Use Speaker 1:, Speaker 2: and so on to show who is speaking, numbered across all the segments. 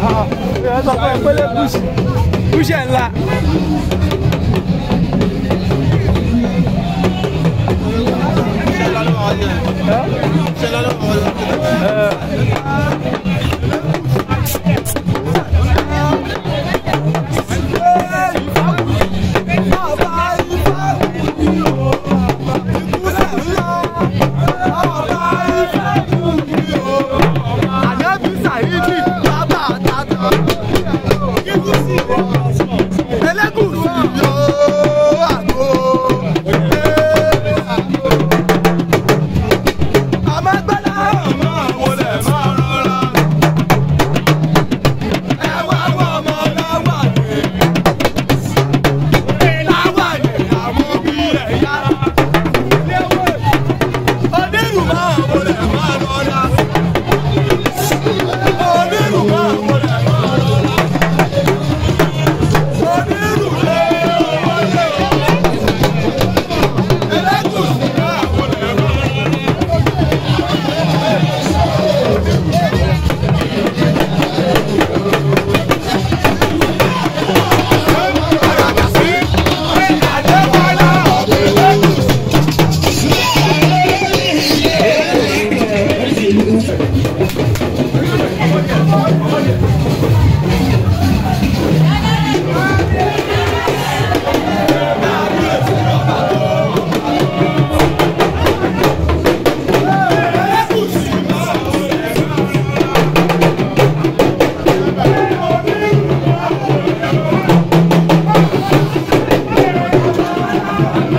Speaker 1: ẹ sọ fún ẹ pélé búṣì búṣì ẹ̀ ńlá. Thank you.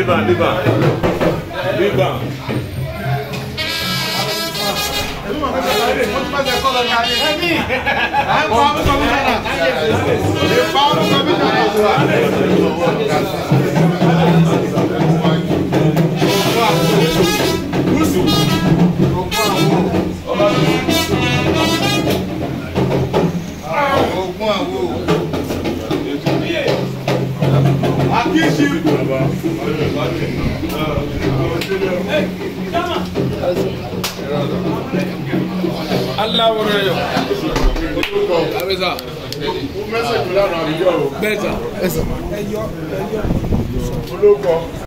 Speaker 1: Leave liban liban liban. Thank you. Bẹ́ẹ̀ sà. Olóko.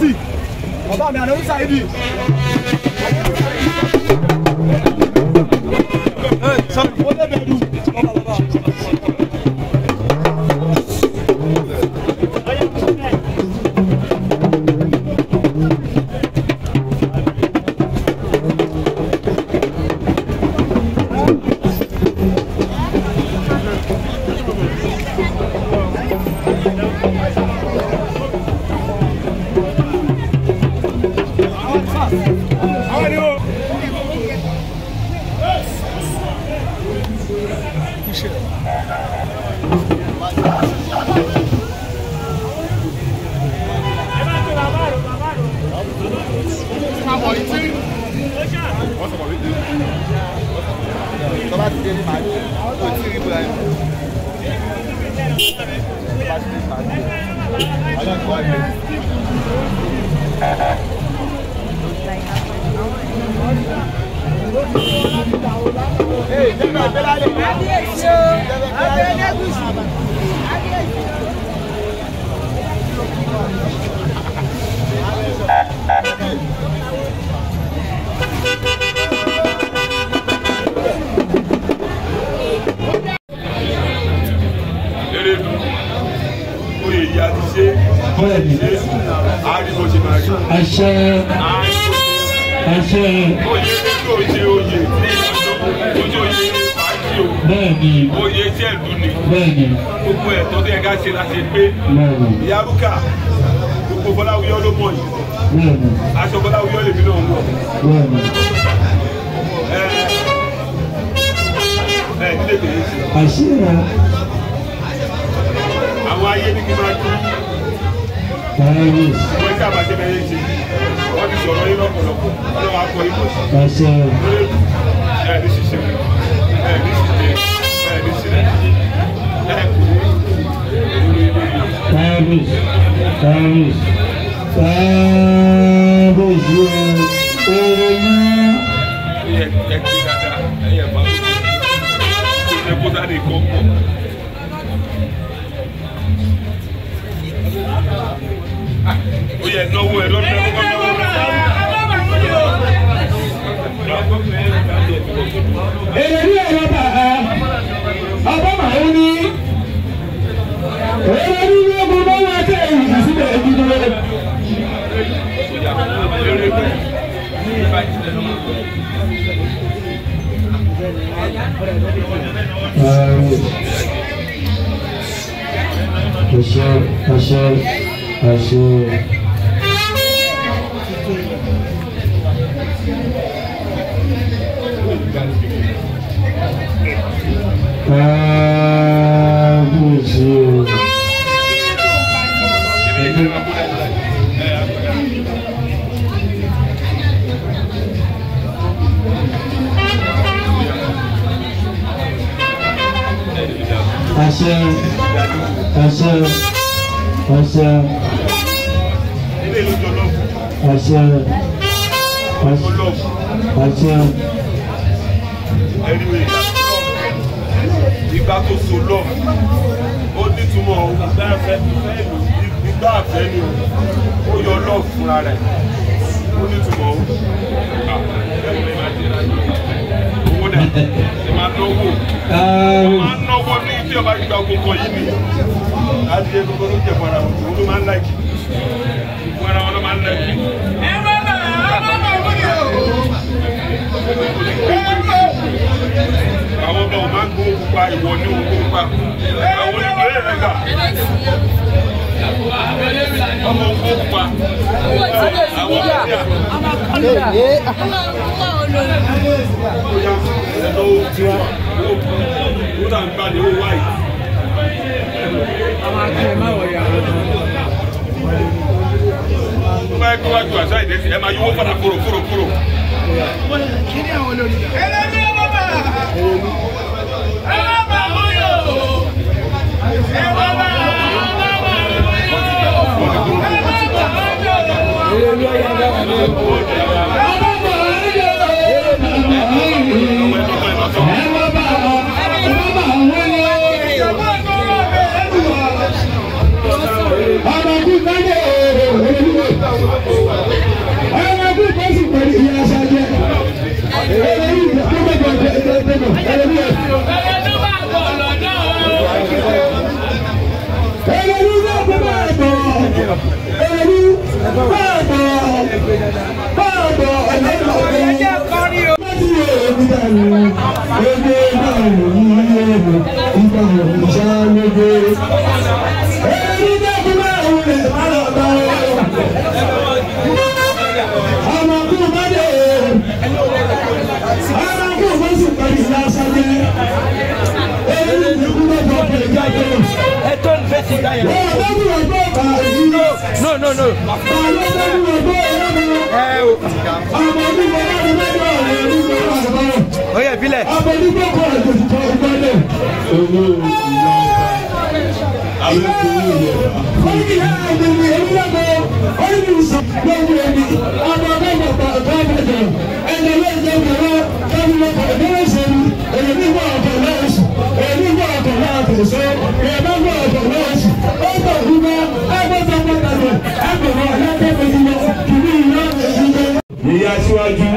Speaker 1: music bàbá mi àná ń ṣàìdì. ó lè bẹ̀rù bàbá. iṣẹ́ tọ́ba Hey, bẹ́ẹ̀ni àṣẹ àṣẹ bẹ́ẹ̀ni oyè tí ẹ̀lú ni bẹ́ẹ̀ni gbogbo ẹ̀tọ́ tó yẹ ká ṣe la ṣe pé ìyá rúkà gbogbo Fọláwíyọ ló mọ̀ yìí bẹ́ẹ̀ni aṣọ Fọláwíyọ lèmi náà wọ̀ bẹ́ẹ̀ni ẹ ẹ nílé tèmi sí. àṣírà. àwọn ayé ní kí n máa dún. báyìí. wọ́n ti àbájẹ́ bẹ́ẹ̀ ṣe wọ́n ti sọ̀rọ̀ yín lọ́pọ̀lọpọ̀ ọlọ́wọ́ akọ ìbò sí. àṣẹ. ẹ ẹ ní ṣiṣẹ́. Parabéns. Parabéns. Parabéns. ó yẹ náwó Asyik, asyik, asyik. Eh, ṣe ẹ ṣe ẹ ṣe ẹ ṣe ẹ ṣe. Ìgbà tó so lọ, ó nítumọ̀ ìgbà fẹ́ ìgbà fẹ́ ni ó yọ lọ́ọ̀ fúnra rẹ̀ ó ní tùmọ̀ ó ah, owó dẹ̀ ẹ máa lówó. Ah bá gba òkòkò yìí ni adìyẹ gbogbo ló jẹ fara wọn ló máa ń láìkì fara wọn ló máa ń láìkì. àwọn ọmọ ò máa ń ìwọ ní owó àwọn ìwé rẹ gà ọmọ owó àwọn ọmọ yà. ọmọ tá à ń gbà ní owó wáyé. tó bá wájú àṣà ìdẹ́sí ẹ máa yíwó padà kúrò kúrò kúrò. kíni àwọn olórí. ẹlẹ́mi ọmọ bá ọmọ bá wọ́yọ̀ ẹ bá bá ọmọ bá wọ́yọ̀ ẹ bá bá ọmọ bá wọ́yọ̀. Báàbọ̀ báàbọ̀ ọ̀lẹ́dọ̀ọ́dún. Wọ́n ti yẹ èmi dànù. no no no. ẹ o. ó yẹ bílẹ̀. Ẹ̀yẹ̀ nígbà ọ̀tọ̀ náà sùn, ẹ̀yẹ̀ nígbà ọ̀tọ̀ náà kò sọ, ẹ̀yẹ̀ nígbà ọ̀tọ̀ náà sùn ọgbà ògùnbọ agbẹsọ pọtàlẹ agbẹwò alákẹfẹ ìlọ kìíní ìlọ ìlọ. ìyá síwájú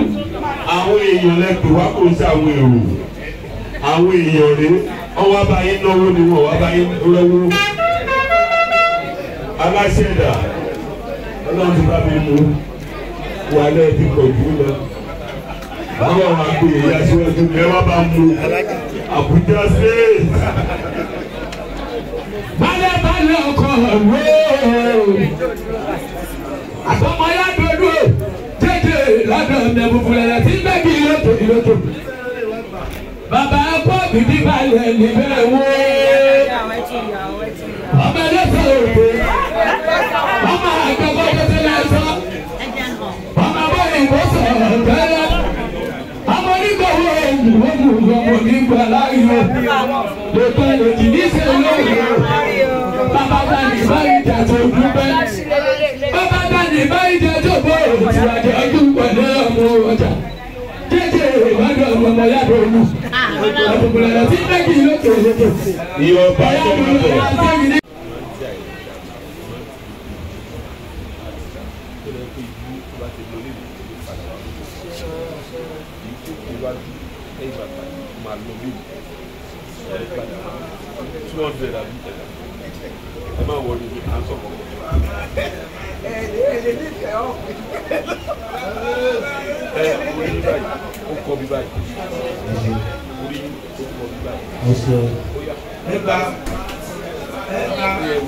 Speaker 1: àwọn èèyàn lẹpẹ wá kó sí àwọn èrò àwọn èèyàn rè wọn wá bá yín náwó ni wọn wá bá yín lọ́wọ́ aláṣẹdà Ọlọ́run ti bá mi mú wà lẹẹbi pọ̀jù lọ báwọn àgbè ìyá síwájú ẹ wá bá mú Àbújá sèé balẹ̀balẹ̀ ọkọ̀ wéé àtọmọ aládùúgbò jẹjẹ lọ́dọ̀ nẹ̀bùbùlẹ̀lẹ̀ tí bẹ́ẹ̀kì yóòtò yóòtò bàbá akọ́ bìbí balẹ̀ níbẹ̀ wéé ọmọ ẹlẹ́sẹ̀ òde ọmọ àgbẹ̀bọ̀ tẹ̀sẹ̀ lẹ́sọ̀ ọmọ bọ́ ìwọ́sọ̀ ọ̀gẹ́rẹ́ ọmọ onígbàwọ̀ ẹ̀yìn wọ́n mú ọmọ onígbà láyọ̀ lọ́tọ̀ ẹ̀jì ní Ìyọ̀ bá jẹ́ ìrọ̀lẹ́. iwájú ẹ̀yìn bàtà máa lọ bí ẹ̀yìn ọ̀sẹ̀ ẹgbà ẹgbà tààrìs.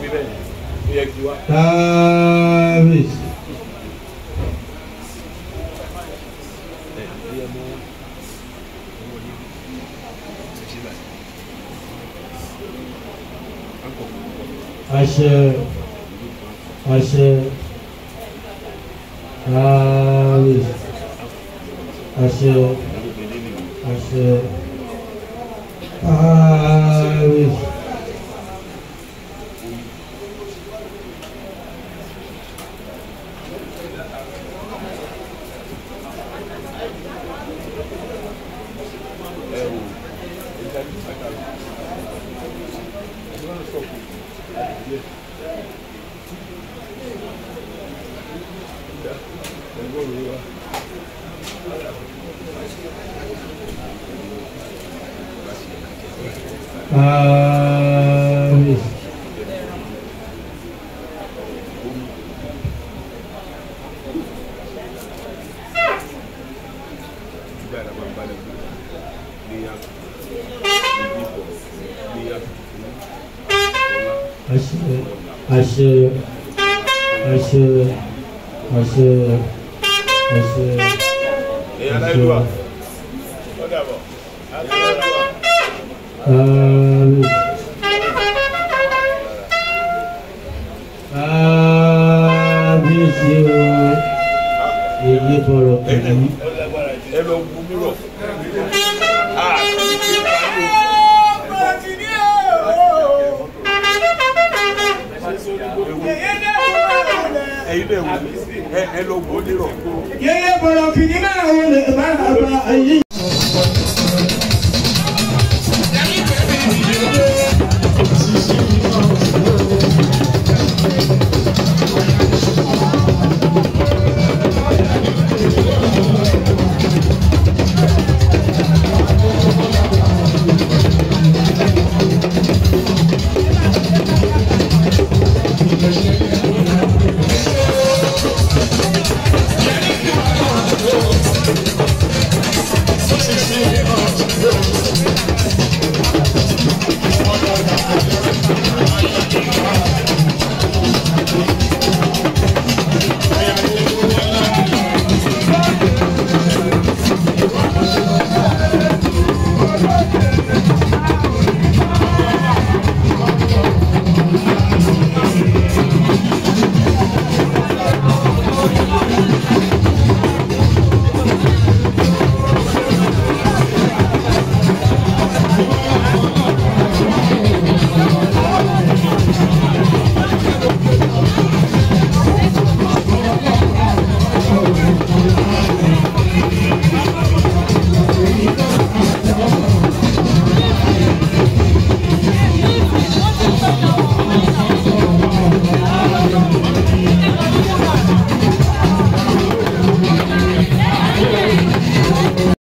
Speaker 1: àṣẹ àṣẹ tààrìs àṣẹ. àṣẹ àṣẹ àṣẹ àṣẹ àṣẹ àṣẹ. ẹ̀yin lè wò ẹ lọ wò ó lérò. yẹ́yẹ́ bọ̀rọ̀ fìdí náà wọlé bá bá a